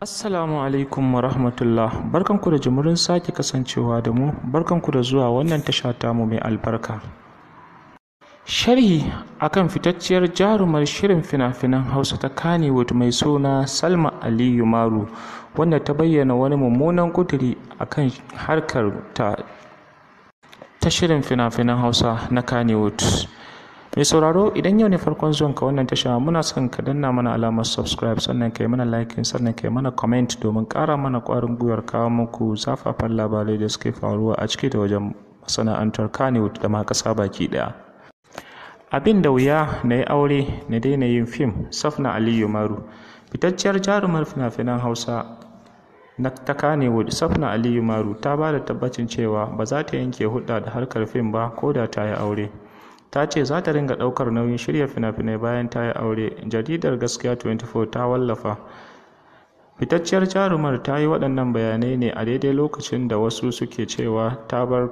Assalamu alaikum wa rahmatullah barkanku da jimurin sake kasancewa da mu barkanku da zuwa wannan tasha tamu mai albarka. Sharhi akan fitacciyar jarumar shirin fina-finan Hausa ta Kannywood mai suna Salma Aliyu Maru wanda ta bayyana wani mummunan kuduri akan harkar ta, shirin fina-finan Hausa na Kannywood. mai sauraro idan yau ne farkon zuwan ka wannan tasha muna son ka danna mana alamar subscribe sannan kai yi mana like sannan kai mana comment domin ƙara mana ƙwarin gwiwar kawo muku zafafan labarai da suke faruwa a ciki da wajen masana'antar kanewood da ma ƙasa baki ɗaya abin da wuya na yi aure na daina yin fim safna aliyu maru fitacciyar jarumar finafinan hausa na ta kanewood safna aliyu maru ta ba da tabbacin cewa ba za ta yanke hudda da harkar fim ba ko da ta yi aure ta ce za ta ringa ɗaukar nauyin shirya fina-finai bayan ta yi aure jaridar gaskiya 24 ta wallafa fitacciyar jarumar ta yi waɗannan bayanai ne a daidai lokacin da wasu suke cewa ta bar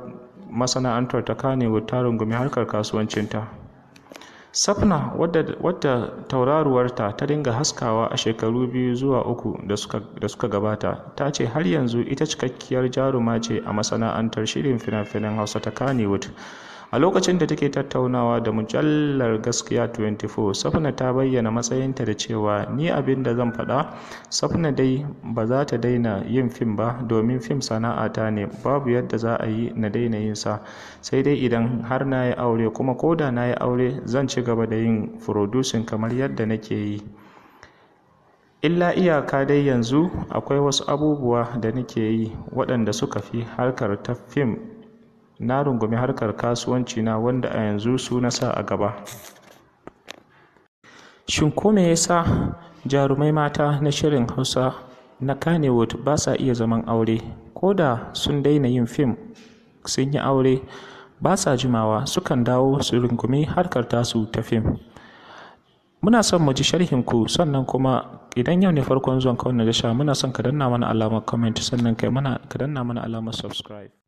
masana'antar ta ta rungumi harkar kasuwancinta safna wadda, tauraruwarta ta dinga haskawa a shekaru biyu zuwa uku da suka, gabata ta ce har yanzu ita cikakkiyar jaruma ce a masana'antar shirin fina-finan hausa ta kanewood a lokacin da take tattaunawa da mujallar gaskiya 24 safna ta bayyana matsayinta da cewa ni abin da zan faɗa safna dai ba za ta daina yin fim ba domin fim sana'a ta ne babu yadda za a yi na daina yin sa sai dai idan har na yi aure kuma koda na yi aure zan ci gaba da yin furodusin kamar yadda nake yi illa iyaka dai yanzu akwai wasu abubuwa da nake yi waɗanda suka fi harkar ta fim Na rungumi harkar kasuwanci na wanda a yanzu su na sa a gaba. Shin ko me yasa jarumai mata na shirin Hausa na kanewood ba sa iya zaman aure ko da sun daina yin fim sun yi aure ba sa jimawa sukan dawo su rungumi harkar tasu ta fim. Muna son mu ji sharhin ku sannan kuma idan yau ne farkon zuwan kawai na dasha muna son ka danna mana alamar comment sannan kai mana ka danna mana alamar subscribe.